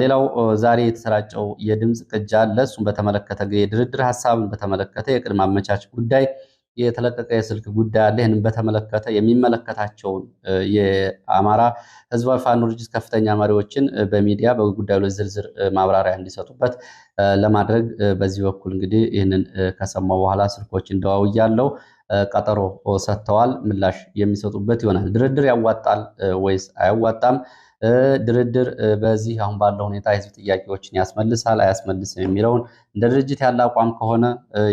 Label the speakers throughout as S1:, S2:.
S1: ሌላው ዛሬ የተሰራጨው የድምፅ ቅጅ አለ። እሱም በተመለከተ የድርድር ሀሳብን በተመለከተ የቅድመ አመቻች ጉዳይ የተለቀቀ የስልክ ጉዳይ አለ። ይህንም በተመለከተ የሚመለከታቸውን የአማራ ህዝባዊ ፋኖ ድርጅት ከፍተኛ መሪዎችን በሚዲያ በጉዳዩ ላይ ዝርዝር ማብራሪያ እንዲሰጡበት ለማድረግ በዚህ በኩል እንግዲህ ይህንን ከሰማው በኋላ ስልኮች እንደዋውያለው ቀጠሮ ሰጥተዋል። ምላሽ የሚሰጡበት ይሆናል። ድርድር ያዋጣል ወይስ አያዋጣም? ድርድር በዚህ አሁን ባለው ሁኔታ የህዝብ ጥያቄዎችን ያስመልሳል አያስመልስም የሚለውን እንደ ድርጅት ያለ አቋም ከሆነ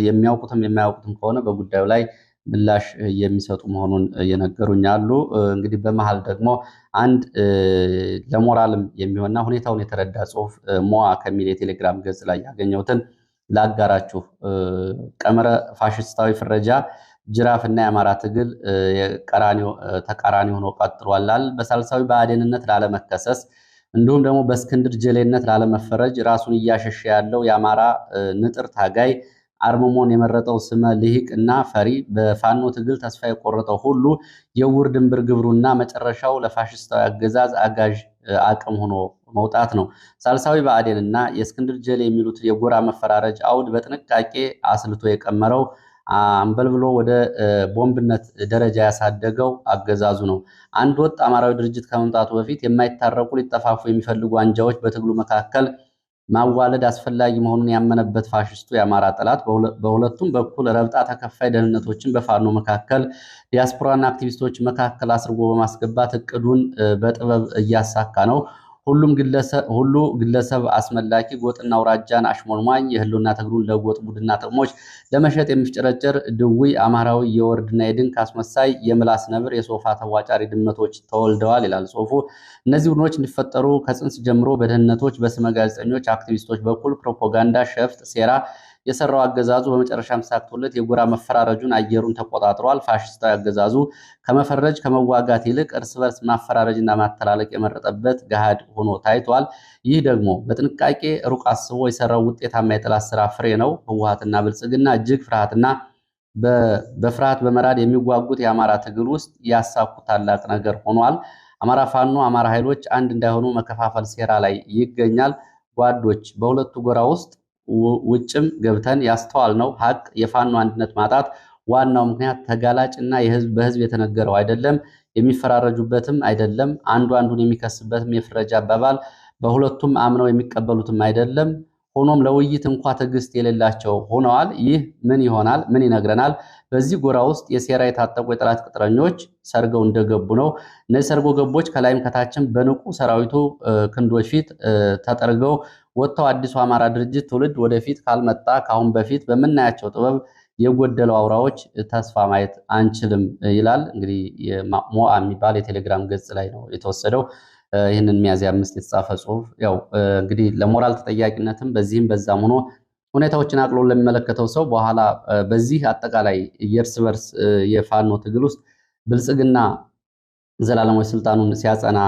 S1: የሚያውቁትም የማያውቁትም ከሆነ በጉዳዩ ላይ ምላሽ የሚሰጡ መሆኑን የነገሩኝ አሉ። እንግዲህ በመሀል ደግሞ አንድ ለሞራልም የሚሆንና ሁኔታውን የተረዳ ጽሁፍ ሞዋ ከሚል የቴሌግራም ገጽ ላይ ያገኘሁትን ላጋራችሁ። ቀመረ ፋሽስታዊ ፍረጃ ጅራፍ እና የአማራ ትግል ተቃራኒ ሆኖ ቀጥሏላል። በሳልሳዊ በአዴንነት ላለመከሰስ እንዲሁም ደግሞ በእስክንድር ጀሌነት ላለመፈረጅ ራሱን እያሸሸ ያለው የአማራ ንጥር ታጋይ አርምሞን የመረጠው ስመ ልሂቅ እና ፈሪ በፋኖ ትግል ተስፋ የቆረጠው ሁሉ የውር ድንብር ግብሩና መጨረሻው ለፋሽስታዊ አገዛዝ አጋዥ አቅም ሆኖ መውጣት ነው። ሳልሳዊ ብአዴን እና የእስክንድር ጀሌ የሚሉት የጎራ መፈራረጅ አውድ በጥንቃቄ አስልቶ የቀመረው አንበልብሎ ወደ ቦምብነት ደረጃ ያሳደገው አገዛዙ ነው። አንድ ወጥ አማራዊ ድርጅት ከመምጣቱ በፊት የማይታረቁ ሊጠፋፉ የሚፈልጉ አንጃዎች በትግሉ መካከል ማዋለድ አስፈላጊ መሆኑን ያመነበት ፋሽስቱ የአማራ ጠላት በሁለቱም በኩል ረብጣ ተከፋይ ደህንነቶችን በፋኖ መካከል፣ ዲያስፖራና አክቲቪስቶች መካከል አስርጎ በማስገባት እቅዱን በጥበብ እያሳካ ነው። ሁሉ ግለሰብ አስመላኪ ጎጥና አውራጃን አሽሞልማኝ የህልውና ትግሉን ለጎጥ ቡድና ጥቅሞች ለመሸጥ የሚፍጨረጨር ድውይ አማራዊ የወርድና የድንክ አስመሳይ የምላስ ነብር የሶፋ ተዋጫሪ ድመቶች ተወልደዋል ይላል ጽሁፉ። እነዚህ ቡድኖች እንዲፈጠሩ ከጽንስ ጀምሮ በደህንነቶች በስመ ጋዜጠኞች፣ አክቲቪስቶች በኩል ፕሮፓጋንዳ፣ ሸፍጥ፣ ሴራ የሰራው አገዛዙ በመጨረሻም ሳክቶለት የጎራ መፈራረጁን አየሩን ተቆጣጥሯል። ፋሽስታዊ አገዛዙ ከመፈረጅ ከመዋጋት ይልቅ እርስ በርስ ማፈራረጅና ማተላለቅ የመረጠበት ገሃድ ሆኖ ታይቷል። ይህ ደግሞ በጥንቃቄ ሩቅ አስቦ የሰራው ውጤታማ የጠላት ስራ ፍሬ ነው። ህወሓትና ብልጽግና እጅግ ፍርሃትና በፍርሃት በመራድ የሚጓጉት የአማራ ትግል ውስጥ ያሳኩት ታላቅ ነገር ሆኗል። አማራ ፋኖ፣ አማራ ኃይሎች አንድ እንዳይሆኑ መከፋፈል ሴራ ላይ ይገኛል። ጓዶች በሁለቱ ጎራ ውስጥ ውጭም ገብተን ያስተዋልነው ሀቅ የፋኖ አንድነት ማጣት ዋናው ምክንያት ተጋላጭና በህዝብ የተነገረው አይደለም፣ የሚፈራረጁበትም አይደለም፣ አንዱ አንዱን የሚከስበትም የፍረጃ አባባል በሁለቱም አምነው የሚቀበሉትም አይደለም። ሆኖም ለውይይት እንኳ ትዕግስት የሌላቸው ሆነዋል። ይህ ምን ይሆናል? ምን ይነግረናል? በዚህ ጎራ ውስጥ የሴራ የታጠቁ የጠላት ቅጥረኞች ሰርገው እንደገቡ ነው። እነዚህ ሰርጎ ገቦች ከላይም ከታችም በንቁ ሰራዊቱ ክንዶች ፊት ተጠርገው ወጥተው አዲሱ አማራ ድርጅት ትውልድ ወደፊት ካልመጣ ከአሁን በፊት በምናያቸው ጥበብ የጎደለው አውራዎች ተስፋ ማየት አንችልም ይላል። እንግዲህ ሞአ የሚባል የቴሌግራም ገጽ ላይ ነው የተወሰደው ይህንን ሚያዝያ አምስት የተጻፈ ጽሁፍ። ያው እንግዲህ ለሞራል ተጠያቂነትም በዚህም በዛም ሆኖ ሁኔታዎችን አቅሎ ለሚመለከተው ሰው በኋላ በዚህ አጠቃላይ የእርስ በርስ የፋኖ ትግል ውስጥ ብልጽግና ዘላለማዊ ስልጣኑን ሲያጸና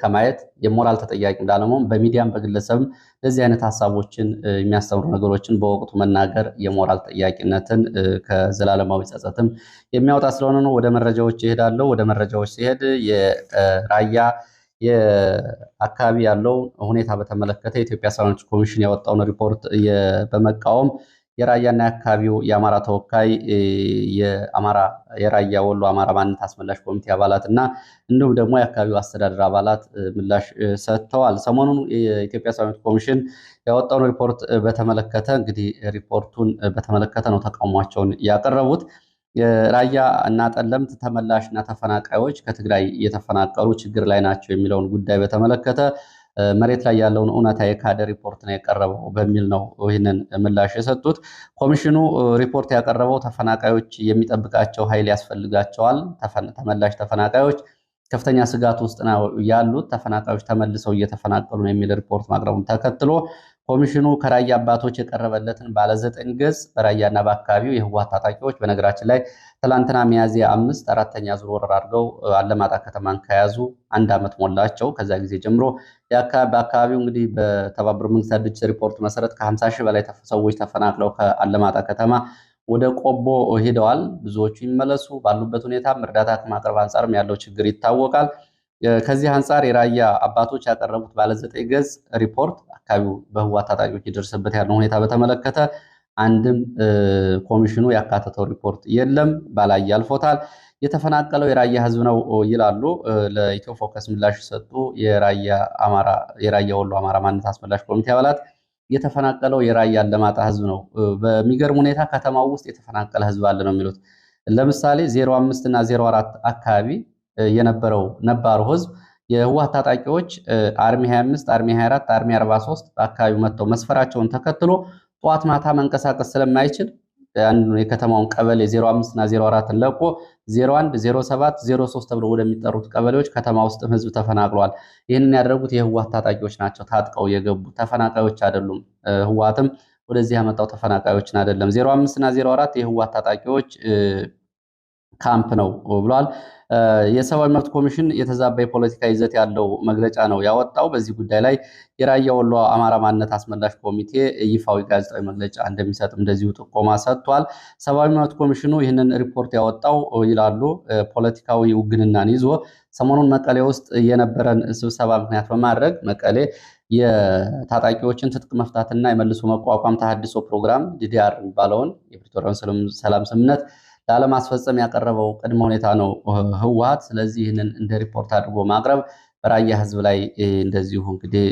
S1: ከማየት የሞራል ተጠያቂ እንዳለመሆን በሚዲያም በግለሰብም ለዚህ አይነት ሀሳቦችን የሚያስተምሩ ነገሮችን በወቅቱ መናገር የሞራል ተጠያቂነትን ከዘላለማዊ ጸጸትም የሚያወጣ ስለሆነ ነው። ወደ መረጃዎች ይሄዳለው። ወደ መረጃዎች ሲሄድ የራያ የአካባቢ ያለው ሁኔታ በተመለከተ የኢትዮጵያ ሰብዓዊ ኮሚሽን ያወጣውን ሪፖርት በመቃወም የራያና የአካባቢው የአማራ ተወካይ የራያ ወሎ አማራ ማንነት አስመላሽ ኮሚቴ አባላት እና እንዲሁም ደግሞ የአካባቢው አስተዳደር አባላት ምላሽ ሰጥተዋል። ሰሞኑን የኢትዮጵያ ሰብዓዊ ኮሚሽን ያወጣውን ሪፖርት በተመለከተ እንግዲህ ሪፖርቱን በተመለከተ ነው ተቃውሟቸውን ያቀረቡት። ራያ እና ጠለምት ተመላሽ እና ተፈናቃዮች ከትግራይ እየተፈናቀሉ ችግር ላይ ናቸው የሚለውን ጉዳይ በተመለከተ መሬት ላይ ያለውን እውነታ የካደ ሪፖርት ነው የቀረበው በሚል ነው ይህንን ምላሽ የሰጡት። ኮሚሽኑ ሪፖርት ያቀረበው ተፈናቃዮች የሚጠብቃቸው ኃይል ያስፈልጋቸዋል፣ ተመላሽ ተፈናቃዮች ከፍተኛ ስጋት ውስጥ ነው ያሉት፣ ተፈናቃዮች ተመልሰው እየተፈናቀሉ ነው የሚል ሪፖርት ማቅረቡን ተከትሎ ኮሚሽኑ ከራያ አባቶች የቀረበለትን ባለዘጠኝ ገጽ በራያና በአካባቢው የህወሓት ታጣቂዎች በነገራችን ላይ ትላንትና ሚያዝያ አምስት አራተኛ ዙር ወረራ አድርገው አለማጣ ከተማን ከያዙ አንድ ዓመት ሞላቸው። ከዛ ጊዜ ጀምሮ በአካባቢው እንግዲህ በተባበሩ መንግስታት ድርጅት ሪፖርት መሰረት ከ50 ሺህ በላይ ሰዎች ተፈናቅለው ከአለማጣ ከተማ ወደ ቆቦ ሄደዋል። ብዙዎቹ ይመለሱ ባሉበት ሁኔታም እርዳታ ከማቅረብ አንጻርም ያለው ችግር ይታወቃል። ከዚህ አንጻር የራያ አባቶች ያቀረቡት ባለ ዘጠኝ ገጽ ሪፖርት አካባቢው በህወሓት ታጣቂዎች የደረሰበት ያለው ሁኔታ በተመለከተ አንድም ኮሚሽኑ ያካተተው ሪፖርት የለም። ባላይ አልፎታል። የተፈናቀለው የራያ ህዝብ ነው ይላሉ። ለኢትዮ ፎከስ ምላሽ ሰጡ የራያ ወሎ አማራ ማንነት አስመላሽ ኮሚቴ አባላት። የተፈናቀለው የራያ አላማጣ ህዝብ ነው። በሚገርም ሁኔታ ከተማው ውስጥ የተፈናቀለ ህዝብ አለ ነው የሚሉት። ለምሳሌ ዜሮ አምስት እና ዜሮ አራት አካባቢ የነበረው ነባሩ ህዝብ የህወሓት ታጣቂዎች አርሚ 25 አርሚ 24 አርሚ 43 በአካባቢው መጥተው መስፈራቸውን ተከትሎ ጠዋት ማታ መንቀሳቀስ ስለማይችል አንዱ የከተማውን ቀበሌ 05 እና 04ን ለቆ 01፣ 07፣ 03 ተብሎ ወደሚጠሩት ቀበሌዎች ከተማ ውስጥም ህዝብ ተፈናቅሏል። ይህንን ያደረጉት የህወሓት ታጣቂዎች ናቸው። ታጥቀው የገቡ ተፈናቃዮች አይደሉም። ህወሓትም ወደዚህ ያመጣው ተፈናቃዮችን አይደለም። 05 እና 04 የህወሓት ታጣቂዎች ካምፕ ነው ብሏል። የሰብአዊ መብት ኮሚሽን የተዛባ የፖለቲካ ይዘት ያለው መግለጫ ነው ያወጣው። በዚህ ጉዳይ ላይ የራያ ወሎ አማራ ማንነት አስመላሽ ኮሚቴ ይፋዊ ጋዜጣዊ መግለጫ እንደሚሰጥ እንደዚሁ ጥቆማ ሰጥቷል። ሰብአዊ መብት ኮሚሽኑ ይህንን ሪፖርት ያወጣው ይላሉ ፖለቲካዊ ውግንናን ይዞ ሰሞኑን መቀሌ ውስጥ የነበረን ስብሰባ ምክንያት በማድረግ መቀሌ የታጣቂዎችን ትጥቅ መፍታትና የመልሶ መቋቋም ተሃድሶ ፕሮግራም ዲዲአር የሚባለውን የፕሪቶሪያውን ሰላም ስምምነት ላለማስፈጸም ያቀረበው ቅድመ ሁኔታ ነው ህወሓት። ስለዚህ ይህንን እንደ ሪፖርት አድርጎ ማቅረብ በራያ ህዝብ ላይ እንደዚሁ እንግዲህ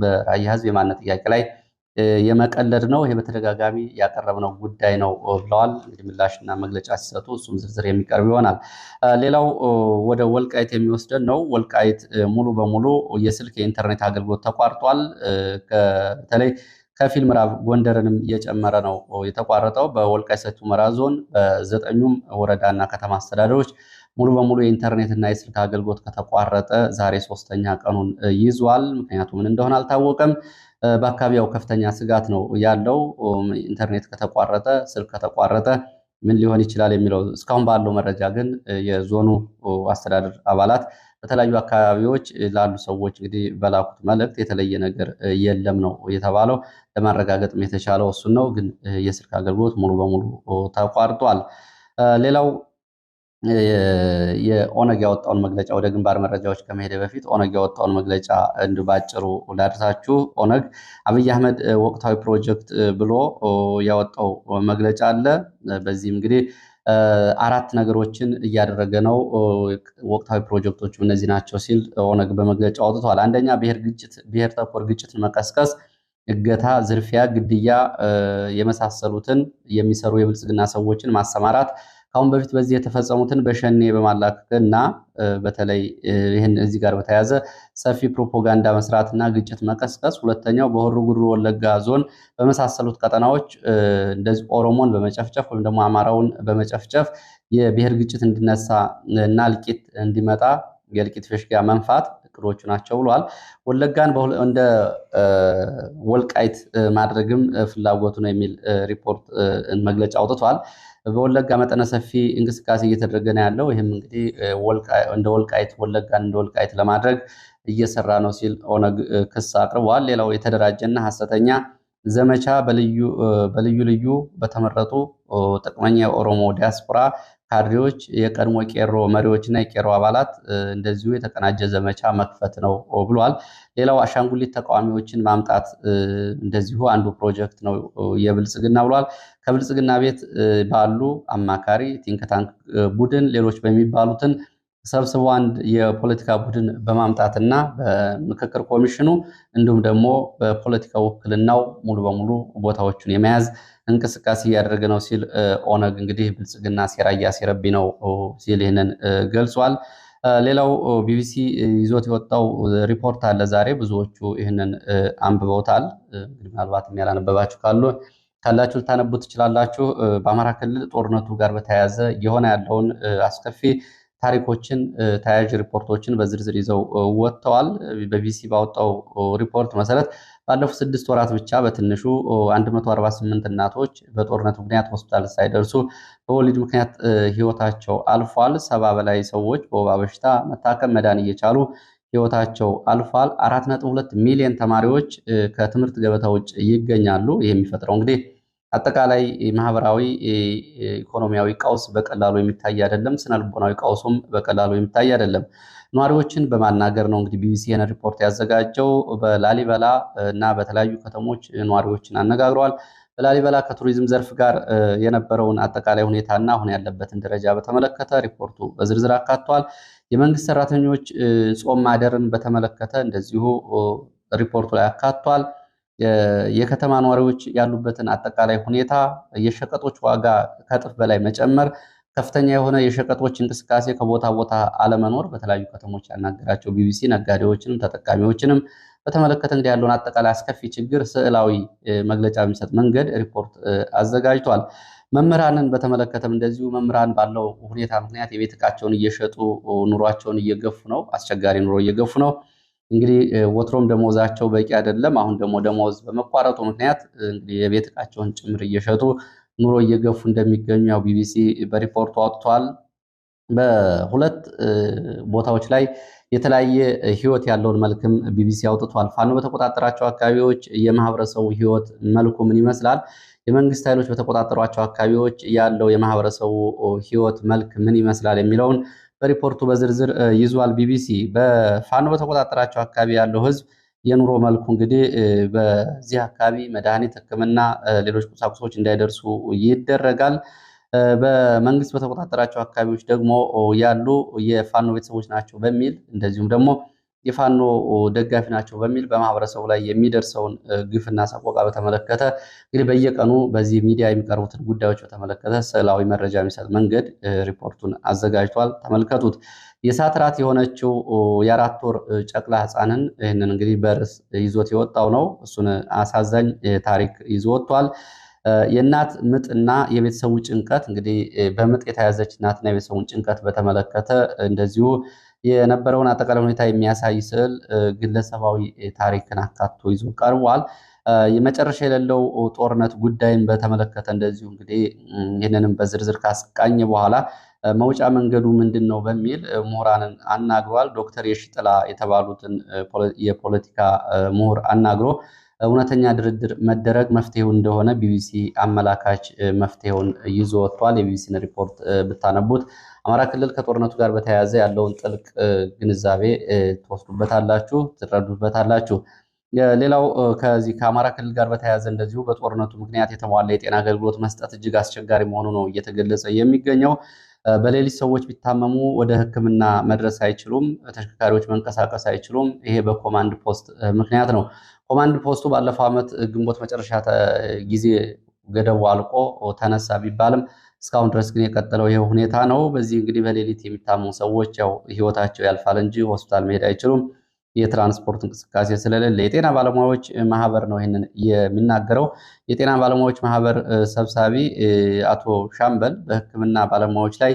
S1: በራያ ህዝብ የማንነት ጥያቄ ላይ የመቀለድ ነው። ይሄ በተደጋጋሚ ያቀረብነው ጉዳይ ነው ብለዋል። እንግዲህ ምላሽና መግለጫ ሲሰጡ እሱም ዝርዝር የሚቀርብ ይሆናል። ሌላው ወደ ወልቃይት የሚወስደን ነው። ወልቃይት ሙሉ በሙሉ የስልክ የኢንተርኔት አገልግሎት ተቋርጧል። በተለይ ከፊል ምዕራብ ጎንደርንም እየጨመረ ነው የተቋረጠው። በወልቃይት ሰቲት ሁመራ ዞን በዘጠኙም ወረዳና ከተማ አስተዳደሮች ሙሉ በሙሉ እና የስልክ አገልግሎት ከተቋረጠ ዛሬ ሶስተኛ ቀኑን ይዟል። ምክንያቱ ምን እንደሆነ አልታወቀም። በአካባቢያው ከፍተኛ ስጋት ነው ያለው። ኢንተርኔት ከተቋረጠ፣ ስልክ ከተቋረጠ ምን ሊሆን ይችላል የሚለው እስካሁን ባለው መረጃ ግን የዞኑ አስተዳደር አባላት በተለያዩ አካባቢዎች ላሉ ሰዎች እንግዲህ በላኩት መልእክት የተለየ ነገር የለም ነው የተባለው። ለማረጋገጥም የተቻለው እሱን ነው። ግን የስልክ አገልግሎት ሙሉ በሙሉ ተቋርጧል። ሌላው የኦነግ ያወጣውን መግለጫ ወደ ግንባር መረጃዎች ከመሄደ በፊት ኦነግ ያወጣውን መግለጫ እንዲ ባጭሩ ላድርሳችሁ። ኦነግ አብይ አህመድ ወቅታዊ ፕሮጀክት ብሎ ያወጣው መግለጫ አለ። በዚህም እንግዲህ አራት ነገሮችን እያደረገ ነው፣ ወቅታዊ ፕሮጀክቶች እነዚህ ናቸው ሲል ኦነግ በመግለጫ አውጥቷል። አንደኛ ብሔር ተኮር ግጭትን መቀስቀስ፣ እገታ፣ ዝርፊያ፣ ግድያ የመሳሰሉትን የሚሰሩ የብልጽግና ሰዎችን ማሰማራት ከአሁን በፊት በዚህ የተፈጸሙትን በሸኔ በማላክ እና በተለይ ይህን እዚህ ጋር በተያያዘ ሰፊ ፕሮፓጋንዳ መስራትና ግጭት መቀስቀስ፣ ሁለተኛው በሆሮ ጉዱሩ ወለጋ ዞን በመሳሰሉት ቀጠናዎች እንደዚህ ኦሮሞን በመጨፍጨፍ ወይም ደግሞ አማራውን በመጨፍጨፍ የብሔር ግጭት እንዲነሳ እና እልቂት እንዲመጣ የእልቂት ፌሽጋ መንፋት እቅዶቹ ናቸው ብሏል። ወለጋን እንደ ወልቃይት ማድረግም ፍላጎቱ ነው የሚል ሪፖርት መግለጫ አውጥቷል። በወለጋ መጠነ ሰፊ እንቅስቃሴ እየተደረገ ነው ያለው። ይህም እንግዲህ እንደ ወልቃይት ወለጋን እንደ ወልቃይት ለማድረግ እየሰራ ነው ሲል ኦነግ ክስ አቅርቧል። ሌላው የተደራጀና ሀሰተኛ ዘመቻ በልዩ ልዩ በተመረጡ ጥቅመኛ የኦሮሞ ዲያስፖራ ካድሬዎች፣ የቀድሞ ቄሮ መሪዎች እና የቄሮ አባላት እንደዚሁ የተቀናጀ ዘመቻ መክፈት ነው ብሏል። ሌላው አሻንጉሊት ተቃዋሚዎችን ማምጣት እንደዚሁ አንዱ ፕሮጀክት ነው የብልጽግና ብሏል። ከብልጽግና ቤት ባሉ አማካሪ ቲንክታንክ ቡድን ሌሎች በሚባሉትን ሰብስቦ አንድ የፖለቲካ ቡድን በማምጣትና በምክክር ኮሚሽኑ እንዲሁም ደግሞ በፖለቲካ ውክልናው ሙሉ በሙሉ ቦታዎቹን የመያዝ እንቅስቃሴ እያደረገ ነው ሲል ኦነግ እንግዲህ ብልጽግና ሴራ ሴረቢ ነው ሲል ይህንን ገልጿል። ሌላው ቢቢሲ ይዞት የወጣው ሪፖርት አለ ዛሬ። ብዙዎቹ ይህንን አንብበውታል። ምናልባትም ያላነበባችሁ ካሉ ካላችሁ ልታነቡ ትችላላችሁ። በአማራ ክልል ጦርነቱ ጋር በተያያዘ እየሆነ ያለውን አስከፊ ታሪኮችን፣ ተያያዥ ሪፖርቶችን በዝርዝር ይዘው ወጥተዋል። በቢሲ ባወጣው ሪፖርት መሰረት ባለፉት ስድስት ወራት ብቻ በትንሹ 148 እናቶች በጦርነት ምክንያት ሆስፒታል ሳይደርሱ በወሊድ ምክንያት ህይወታቸው አልፏል። ሰባ በላይ ሰዎች በወባ በሽታ መታከም መዳን እየቻሉ ህይወታቸው አልፏል። 4.2 ሚሊዮን ተማሪዎች ከትምህርት ገበታ ውጭ ይገኛሉ። ይህ የሚፈጥረው እንግዲህ አጠቃላይ ማህበራዊ ኢኮኖሚያዊ ቀውስ በቀላሉ የሚታይ አይደለም። ስነልቦናዊ ቀውሱም በቀላሉ የሚታይ አይደለም። ነዋሪዎችን በማናገር ነው እንግዲህ ቢቢሲ ይህን ሪፖርት ያዘጋጀው። በላሊበላ እና በተለያዩ ከተሞች ነዋሪዎችን አነጋግረዋል። በላሊበላ ከቱሪዝም ዘርፍ ጋር የነበረውን አጠቃላይ ሁኔታና አሁን ያለበትን ደረጃ በተመለከተ ሪፖርቱ በዝርዝር አካቷል። የመንግስት ሰራተኞች ጾም ማደርን በተመለከተ እንደዚሁ ሪፖርቱ ላይ አካቷል። የከተማ ነዋሪዎች ያሉበትን አጠቃላይ ሁኔታ፣ የሸቀጦች ዋጋ ከእጥፍ በላይ መጨመር፣ ከፍተኛ የሆነ የሸቀጦች እንቅስቃሴ ከቦታ ቦታ አለመኖር በተለያዩ ከተሞች ያናገራቸው ቢቢሲ ነጋዴዎችንም ተጠቃሚዎችንም በተመለከተ እንግዲህ ያለውን አጠቃላይ አስከፊ ችግር ስዕላዊ መግለጫ በሚሰጥ መንገድ ሪፖርት አዘጋጅቷል። መምህራንን በተመለከተም እንደዚሁ መምህራን ባለው ሁኔታ ምክንያት የቤት እቃቸውን እየሸጡ ኑሯቸውን እየገፉ ነው። አስቸጋሪ ኑሮ እየገፉ ነው። እንግዲህ ወትሮም ደሞዛቸው በቂ አይደለም። አሁን ደግሞ ደሞዝ በመቋረጡ ምክንያት እንግዲህ የቤት እቃቸውን ጭምር እየሸጡ ኑሮ እየገፉ እንደሚገኙ ያው ቢቢሲ በሪፖርቱ አውጥቷል። በሁለት ቦታዎች ላይ የተለያየ ህይወት ያለውን መልክም ቢቢሲ አውጥቷል። ፋኖ በተቆጣጠራቸው አካባቢዎች የማህበረሰቡ ህይወት መልኩ ምን ይመስላል? የመንግስት ኃይሎች በተቆጣጠሯቸው አካባቢዎች ያለው የማህበረሰቡ ህይወት መልክ ምን ይመስላል የሚለውን በሪፖርቱ በዝርዝር ይዟል ቢቢሲ። በፋኖ በተቆጣጠራቸው አካባቢ ያለው ህዝብ የኑሮ መልኩ እንግዲህ በዚህ አካባቢ መድኃኒት፣ ሕክምና፣ ሌሎች ቁሳቁሶች እንዳይደርሱ ይደረጋል። በመንግስት በተቆጣጠራቸው አካባቢዎች ደግሞ ያሉ የፋኖ ቤተሰቦች ናቸው በሚል እንደዚሁም ደግሞ የፋኖ ደጋፊ ናቸው በሚል በማህበረሰቡ ላይ የሚደርሰውን ግፍና ሰቆቃ በተመለከተ እንግዲህ በየቀኑ በዚህ ሚዲያ የሚቀርቡትን ጉዳዮች በተመለከተ ስዕላዊ መረጃ የሚሰጥ መንገድ ሪፖርቱን አዘጋጅቷል። ተመልከቱት። የሳትራት የሆነችው የአራት ወር ጨቅላ ህፃንን ይህንን እንግዲህ በርዕስ ይዞት የወጣው ነው። እሱን አሳዛኝ ታሪክ ይዞ ወጥቷል። የእናት ምጥና የቤተሰቡ ጭንቀት እንግዲህ በምጥ የተያዘች እናትና የቤተሰቡን ጭንቀት በተመለከተ እንደዚሁ የነበረውን አጠቃላይ ሁኔታ የሚያሳይ ስዕል ግለሰባዊ ታሪክን አካቶ ይዞ ቀርቧል። የመጨረሻ የሌለው ጦርነት ጉዳይን በተመለከተ እንደዚሁ እንግዲህ ይህንንም በዝርዝር ካስቃኘ በኋላ መውጫ መንገዱ ምንድን ነው በሚል ምሁራንን አናግሯል። ዶክተር የሽጥላ የተባሉትን የፖለቲካ ምሁር አናግሮ እውነተኛ ድርድር መደረግ መፍትሄው እንደሆነ ቢቢሲ አመላካች መፍትሄውን ይዞ ወጥቷል። የቢቢሲን ሪፖርት ብታነቡት አማራ ክልል ከጦርነቱ ጋር በተያያዘ ያለውን ጥልቅ ግንዛቤ ትወስዱበታላችሁ፣ ትረዱበታላችሁ። ሌላው ከዚህ ከአማራ ክልል ጋር በተያያዘ እንደዚሁ በጦርነቱ ምክንያት የተሟላ የጤና አገልግሎት መስጠት እጅግ አስቸጋሪ መሆኑ ነው እየተገለጸ የሚገኘው። በሌሊት ሰዎች ቢታመሙ ወደ ሕክምና መድረስ አይችሉም። ተሽከርካሪዎች መንቀሳቀስ አይችሉም። ይሄ በኮማንድ ፖስት ምክንያት ነው። ኮማንድ ፖስቱ ባለፈው ዓመት ግንቦት መጨረሻ ጊዜ ገደቡ አልቆ ተነሳ ቢባልም እስካሁን ድረስ ግን የቀጠለው ይህ ሁኔታ ነው። በዚህ እንግዲህ በሌሊት የሚታሙ ሰዎች ያው ህይወታቸው ያልፋል እንጂ ሆስፒታል መሄድ አይችሉም። የትራንስፖርት እንቅስቃሴ ስለሌለ የጤና ባለሙያዎች ማህበር ነው ይህንን የሚናገረው። የጤና ባለሙያዎች ማህበር ሰብሳቢ አቶ ሻምበል በህክምና ባለሙያዎች ላይ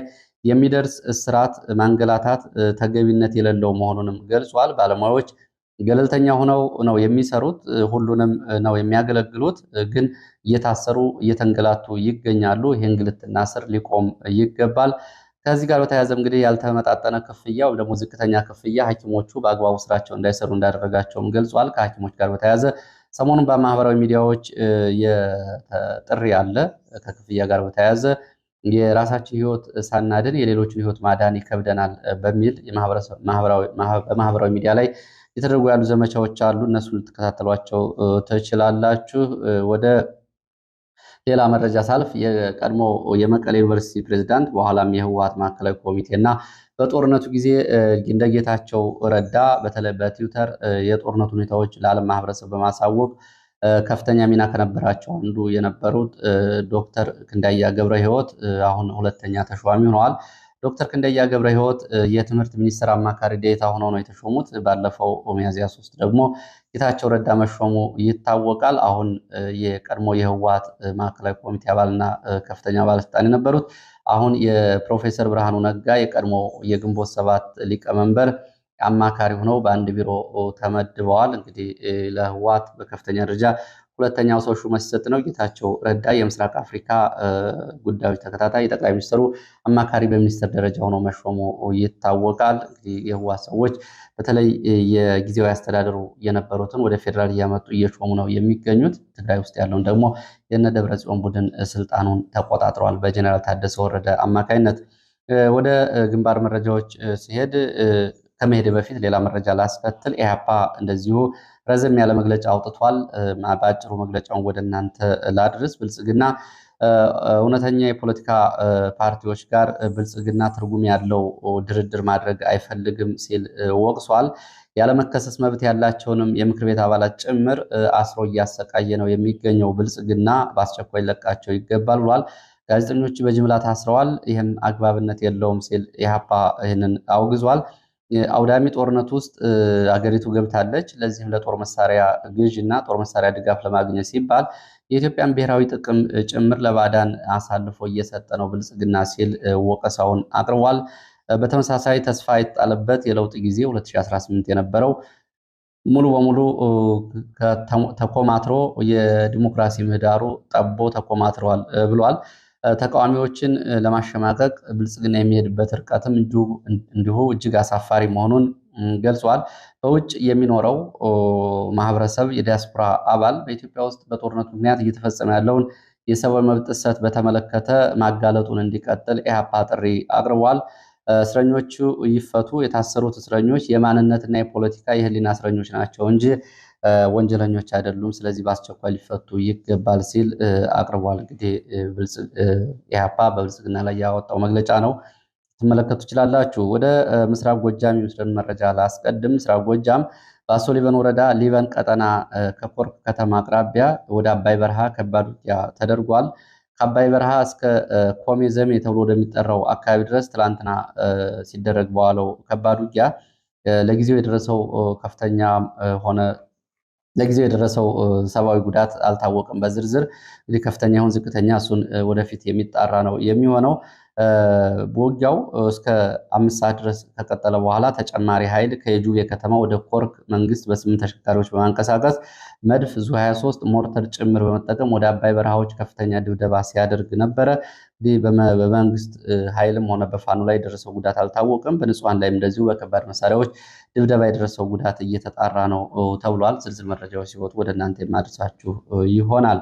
S1: የሚደርስ እስራት፣ ማንገላታት ተገቢነት የሌለው መሆኑንም ገልጿል። ባለሙያዎች ገለልተኛ ሆነው ነው የሚሰሩት። ሁሉንም ነው የሚያገለግሉት። ግን እየታሰሩ እየተንገላቱ ይገኛሉ። ይህ እንግልትና ስር ሊቆም ይገባል። ከዚህ ጋር በተያያዘ እንግዲህ ያልተመጣጠነ ክፍያ ወይም ደግሞ ዝቅተኛ ክፍያ ሐኪሞቹ በአግባቡ ስራቸው እንዳይሰሩ እንዳደረጋቸውም ገልጿል። ከሐኪሞች ጋር በተያያዘ ሰሞኑን በማህበራዊ ሚዲያዎች ጥሪ አለ። ከክፍያ ጋር በተያያዘ የራሳችን ህይወት ሳናድን የሌሎችን ህይወት ማዳን ይከብደናል በሚል በማህበራዊ ሚዲያ ላይ የተደረጉ ያሉ ዘመቻዎች አሉ። እነሱ ልትከታተሏቸው ትችላላችሁ። ወደ ሌላ መረጃ ሳልፍ የቀድሞ የመቀሌ ዩኒቨርሲቲ ፕሬዚዳንት በኋላም የህወሀት ማዕከላዊ ኮሚቴ እና በጦርነቱ ጊዜ እንደ ጌታቸው ረዳ በተለይ በትዊተር የጦርነቱ ሁኔታዎች ለዓለም ማህበረሰብ በማሳወቅ ከፍተኛ ሚና ከነበራቸው አንዱ የነበሩት ዶክተር ክንዳያ ገብረ ህይወት አሁን ሁለተኛ ተሿሚ ሆነዋል። ዶክተር ክንደያ ገብረ ህይወት የትምህርት ሚኒስትር አማካሪ ዴታ ሆነው ነው የተሾሙት። ባለፈው ሚያዝያ ሶስት ደግሞ ጌታቸው ረዳ መሾሙ ይታወቃል። አሁን የቀድሞ የህወሓት ማዕከላዊ ኮሚቴ አባልና ከፍተኛ ባለስልጣን የነበሩት አሁን የፕሮፌሰር ብርሃኑ ነጋ የቀድሞ የግንቦት ሰባት ሊቀመንበር አማካሪ ሆነው በአንድ ቢሮ ተመድበዋል። እንግዲህ ለህወሓት በከፍተኛ ደረጃ ሁለተኛው ሰው ሹመት ሲሰጥ ነው። ጌታቸው ረዳ የምስራቅ አፍሪካ ጉዳዮች ተከታታይ የጠቅላይ ሚኒስትሩ አማካሪ በሚኒስትር ደረጃ ሆነው መሾሙ ይታወቃል። እንግዲህ የህዋ ሰዎች በተለይ የጊዜያዊ አስተዳደሩ የነበሩትን ወደ ፌዴራል እያመጡ እየሾሙ ነው የሚገኙት። ትግራይ ውስጥ ያለውን ደግሞ የነ ደብረ ጽዮን ቡድን ስልጣኑን ተቆጣጥረዋል በጀኔራል ታደሰ ወረደ አማካይነት። ወደ ግንባር መረጃዎች ሲሄድ ከመሄድ በፊት ሌላ መረጃ ላስከትል። ኢህአፓ እንደዚሁ ረዘም ያለ መግለጫ አውጥቷል። በአጭሩ መግለጫውን ወደ እናንተ ላድርስ። ብልጽግና እውነተኛ የፖለቲካ ፓርቲዎች ጋር ብልጽግና ትርጉም ያለው ድርድር ማድረግ አይፈልግም ሲል ወቅሷል። ያለመከሰስ መብት ያላቸውንም የምክር ቤት አባላት ጭምር አስሮ እያሰቃየ ነው የሚገኘው ብልጽግና በአስቸኳይ ለቃቸው ይገባል ብሏል። ጋዜጠኞች በጅምላ ታስረዋል፣ ይህም አግባብነት የለውም ሲል ኢህአፓ ይህንን አውግዟል። አውዳሚ ጦርነት ውስጥ አገሪቱ ገብታለች። ለዚህም ለጦር መሳሪያ ግዥ እና ጦር መሳሪያ ድጋፍ ለማግኘት ሲባል የኢትዮጵያን ብሔራዊ ጥቅም ጭምር ለባዕዳን አሳልፎ እየሰጠ ነው ብልጽግና ሲል ወቀሳውን አቅርቧል። በተመሳሳይ ተስፋ የተጣለበት የለውጥ ጊዜ 2018 የነበረው ሙሉ በሙሉ ተኮማትሮ የዲሞክራሲ ምህዳሩ ጠቦ ተኮማትሯል ብሏል። ተቃዋሚዎችን ለማሸማቀቅ ብልጽግና የሚሄድበት ርቀትም እንዲሁ እጅግ አሳፋሪ መሆኑን ገልጿል። በውጭ የሚኖረው ማህበረሰብ የዲያስፖራ አባል በኢትዮጵያ ውስጥ በጦርነት ምክንያት እየተፈጸመ ያለውን የሰብአዊ መብት ጥሰት በተመለከተ ማጋለጡን እንዲቀጥል ኢህአፓ ጥሪ አቅርቧል። እስረኞቹ ይፈቱ። የታሰሩት እስረኞች የማንነትና የፖለቲካ የህሊና እስረኞች ናቸው እንጂ ወንጀለኞች አይደሉም፣ ስለዚህ በአስቸኳይ ሊፈቱ ይገባል ሲል አቅርቧል። እንግዲህ ኢህአፓ በብልጽግና ላይ ያወጣው መግለጫ ነው፣ ትመለከቱ ትችላላችሁ። ወደ ምስራቅ ጎጃም የሚወስደን መረጃ ላስቀድም። ምዕራብ ጎጃም በአሶ ሊበን ወረዳ ሊበን ቀጠና ከኮርክ ከተማ አቅራቢያ ወደ አባይ በረሃ ከባድ ውጊያ ተደርጓል። ከአባይ በረሃ እስከ ኮሜ ዘሜ ተብሎ ወደሚጠራው አካባቢ ድረስ ትላንትና ሲደረግ በዋለው ከባድ ውጊያ ለጊዜው የደረሰው ከፍተኛ ሆነ ለጊዜው የደረሰው ሰብአዊ ጉዳት አልታወቅም በዝርዝር እንግዲህ ከፍተኛ ይሁን ዝቅተኛ እሱን ወደፊት የሚጣራ ነው የሚሆነው። በውጊያው እስከ አምስት ሰዓት ድረስ ከቀጠለ በኋላ ተጨማሪ ኃይል ከየጁቤ ከተማ ወደ ኮርክ መንግስት በስምንት ተሽከርካሪዎች በማንቀሳቀስ መድፍ፣ ዙ 23 ሞርተር ጭምር በመጠቀም ወደ አባይ በረሃዎች ከፍተኛ ድብደባ ሲያደርግ ነበረ። እንዲህ በመንግስት ኃይልም ሆነ በፋኑ ላይ የደረሰው ጉዳት አልታወቅም። በንጹሐን ላይም እንደዚሁ በከባድ መሳሪያዎች ድብደባ የደረሰው ጉዳት እየተጣራ ነው ተብሏል። ዝርዝር መረጃዎች ሲወጡ ወደ እናንተ የማድረሳችሁ ይሆናል።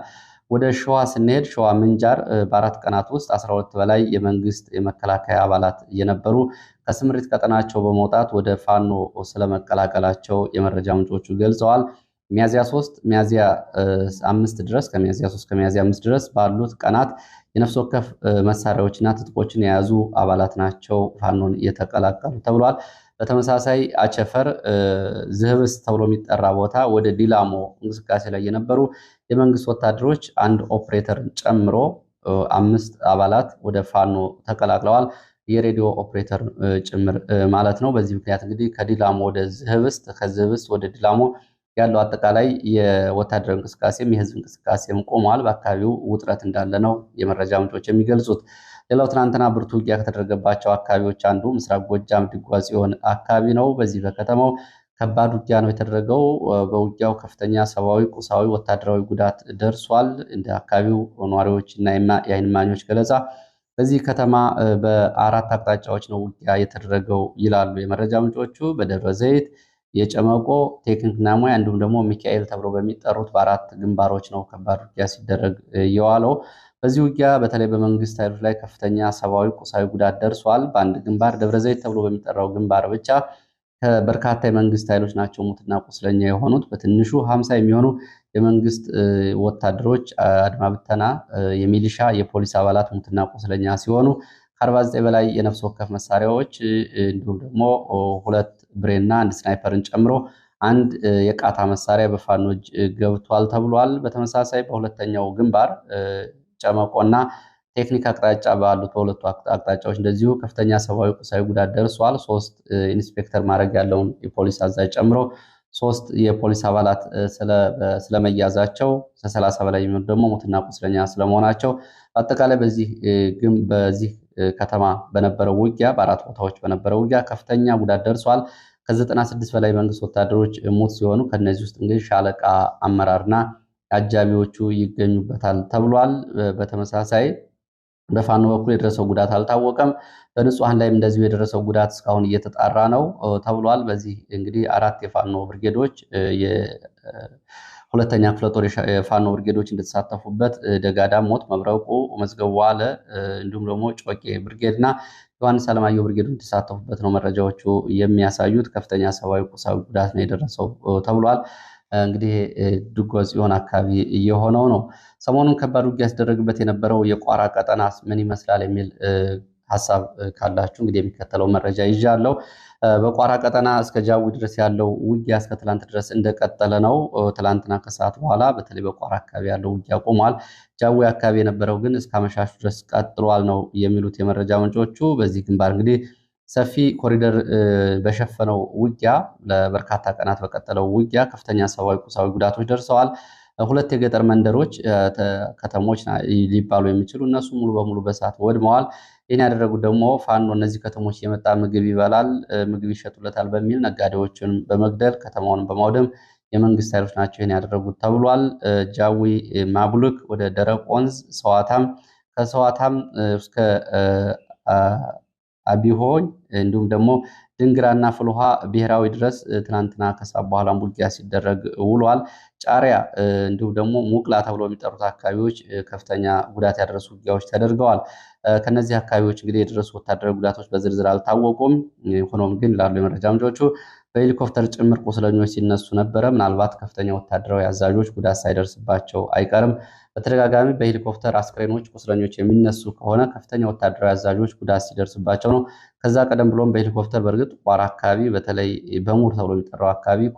S1: ወደ ሸዋ ስንሄድ ሸዋ ምንጃር በአራት ቀናት ውስጥ 12 በላይ የመንግስት የመከላከያ አባላት እየነበሩ ከስምሪት ቀጠናቸው በመውጣት ወደ ፋኖ ስለመቀላቀላቸው የመረጃ ምንጮቹ ገልጸዋል። ሚያዚያ 3 ሚያዚያ አምስት ድረስ ከሚያዚያ 3 ከሚያዚያ አምስት ድረስ ባሉት ቀናት የነፍስ ወከፍ መሳሪያዎችና ትጥቆችን የያዙ አባላት ናቸው ፋኖን እየተቀላቀሉ ተብሏል። በተመሳሳይ አቸፈር ዝህብስ ተብሎ የሚጠራ ቦታ ወደ ዲላሞ እንቅስቃሴ ላይ የነበሩ የመንግስት ወታደሮች አንድ ኦፕሬተርን ጨምሮ አምስት አባላት ወደ ፋኖ ተቀላቅለዋል። የሬዲዮ ኦፕሬተር ጭምር ማለት ነው። በዚህ ምክንያት እንግዲህ ከዲላሞ ወደ ዝህብስት ከዝህብስት ወደ ዲላሞ ያለው አጠቃላይ የወታደራዊ እንቅስቃሴም የህዝብ እንቅስቃሴም ቆመዋል። በአካባቢው ውጥረት እንዳለ ነው የመረጃ ምንጮች የሚገልጹት። ሌላው ትናንትና ብርቱ ውጊያ ከተደረገባቸው አካባቢዎች አንዱ ምስራቅ ጎጃም ድጓ ሲሆን አካባቢ ነው። በዚህ በከተማው ከባድ ውጊያ ነው የተደረገው። በውጊያው ከፍተኛ ሰብአዊ፣ ቁሳዊ፣ ወታደራዊ ጉዳት ደርሷል። እንደ አካባቢው ኗሪዎች እና የዓይን እማኞች ገለጻ በዚህ ከተማ በአራት አቅጣጫዎች ነው ውጊያ የተደረገው ይላሉ የመረጃ ምንጮቹ። በደብረ ዘይት፣ የጨመቆ ቴክኒክና ሙያ እንዲሁም ደግሞ ሚካኤል ተብሎ በሚጠሩት በአራት ግንባሮች ነው ከባድ ውጊያ ሲደረግ የዋለው። በዚህ ውጊያ በተለይ በመንግስት ኃይሎች ላይ ከፍተኛ ሰብአዊ፣ ቁሳዊ ጉዳት ደርሷል። በአንድ ግንባር ደብረዘይት ተብሎ በሚጠራው ግንባር ብቻ በርካታ የመንግስት ኃይሎች ናቸው ሙትና ቁስለኛ የሆኑት። በትንሹ ሀምሳ የሚሆኑ የመንግስት ወታደሮች፣ አድማ ብተና፣ የሚሊሻ፣ የፖሊስ አባላት ሙትና ቁስለኛ ሲሆኑ ከ49 በላይ የነፍስ ወከፍ መሳሪያዎች እንዲሁም ደግሞ ሁለት ብሬና አንድ ስናይፐርን ጨምሮ አንድ የቃታ መሳሪያ በፋኖ እጅ ገብቷል ተብሏል። በተመሳሳይ በሁለተኛው ግንባር ጨመቆና ቴክኒክ አቅጣጫ ባሉት በሁለቱ አቅጣጫዎች እንደዚሁ ከፍተኛ ሰብአዊ፣ ቁሳዊ ጉዳት ደርሷል። ሶስት ኢንስፔክተር ማድረግ ያለውን የፖሊስ አዛዥ ጨምሮ ሶስት የፖሊስ አባላት ስለመያዛቸው ከሰላሳ በላይ የሚሆኑ ደግሞ ሞትና ቁስለኛ ስለመሆናቸው በአጠቃላይ በዚህ ግን በዚህ ከተማ በነበረው ውጊያ በአራት ቦታዎች በነበረው ውጊያ ከፍተኛ ጉዳት ደርሷል። ከዘጠና ስድስት በላይ መንግስት ወታደሮች ሞት ሲሆኑ ከነዚህ ውስጥ እንግዲህ ሻለቃ አመራርና አጃቢዎቹ ይገኙበታል ተብሏል። በተመሳሳይ በፋኖ በኩል የደረሰው ጉዳት አልታወቀም። በንጹሐን ላይም እንደዚሁ የደረሰው ጉዳት እስካሁን እየተጣራ ነው ተብሏል። በዚህ እንግዲህ አራት የፋኖ ብርጌዶች ሁለተኛ ክፍለ ጦር የፋኖ ብርጌዶች እንደተሳተፉበት ደጋዳሞት፣ መብረቁ፣ መዝገቡ ዋለ እንዲሁም ደግሞ ጮቄ ብርጌድና ዮሐንስ አለማየሁ ብርጌዶች እንደተሳተፉበት ነው መረጃዎቹ የሚያሳዩት። ከፍተኛ ሰብአዊ፣ ቁሳዊ ጉዳት ነው የደረሰው ተብሏል። እንግዲህ ድጎ ጽዮን አካባቢ እየሆነው ነው። ሰሞኑን ከባድ ውጊያ ሲደረግበት የነበረው የቋራ ቀጠና ምን ይመስላል የሚል ሀሳብ ካላችሁ እንግዲህ የሚከተለው መረጃ ይዣለሁ። በቋራ ቀጠና እስከ ጃዊ ድረስ ያለው ውጊያ እስከ ትላንት ድረስ እንደቀጠለ ነው። ትላንትና ከሰዓት በኋላ በተለይ በቋራ አካባቢ ያለው ውጊያ ቆሟል። ጃዊ አካባቢ የነበረው ግን እስከ አመሻሹ ድረስ ቀጥሏል ነው የሚሉት የመረጃ ምንጮቹ። በዚህ ግንባር እንግዲህ ሰፊ ኮሪደር በሸፈነው ውጊያ ለበርካታ ቀናት በቀጠለው ውጊያ ከፍተኛ ሰብአዊ፣ ቁሳዊ ጉዳቶች ደርሰዋል። ሁለት የገጠር መንደሮች ከተሞች ሊባሉ የሚችሉ እነሱ ሙሉ በሙሉ በእሳት ወድመዋል። ይህን ያደረጉት ደግሞ ፋኖ እነዚህ ከተሞች የመጣ ምግብ ይበላል፣ ምግብ ይሸጡለታል በሚል ነጋዴዎችን በመግደል ከተማውን በማውደም የመንግስት ኃይሎች ናቸው ይህን ያደረጉት ተብሏል። ጃዊ ማቡልክ ወደ ደረቅ ወንዝ ሰዋታም፣ ከሰዋታም እስከ ቢሆን እንዲሁም ደግሞ ድንግራና ፍልውሃ ብሔራዊ ድረስ ትናንትና ከሰዓት በኋላ ውጊያ ሲደረግ ውሏል። ጫሪያ እንዲሁም ደግሞ ሙቅላ ተብሎ የሚጠሩት አካባቢዎች ከፍተኛ ጉዳት ያደረሱ ውጊያዎች ተደርገዋል። ከነዚህ አካባቢዎች እንግዲህ የደረሱ ወታደራዊ ጉዳቶች በዝርዝር አልታወቁም። ሆኖም ግን ላሉ የመረጃ ምንጮቹ በሄሊኮፕተር ጭምር ቁስለኞች ሲነሱ ነበረ። ምናልባት ከፍተኛ ወታደራዊ አዛዦች ጉዳት ሳይደርስባቸው አይቀርም። በተደጋጋሚ በሄሊኮፕተር አስክሬኖች፣ ቁስለኞች የሚነሱ ከሆነ ከፍተኛ ወታደራዊ አዛዦች ጉዳት ሲደርስባቸው ነው። ከዛ ቀደም ብሎም በሄሊኮፕተር በእርግጥ ቋራ አካባቢ በተለይ በሙር ተብሎ የሚጠራው አካባቢ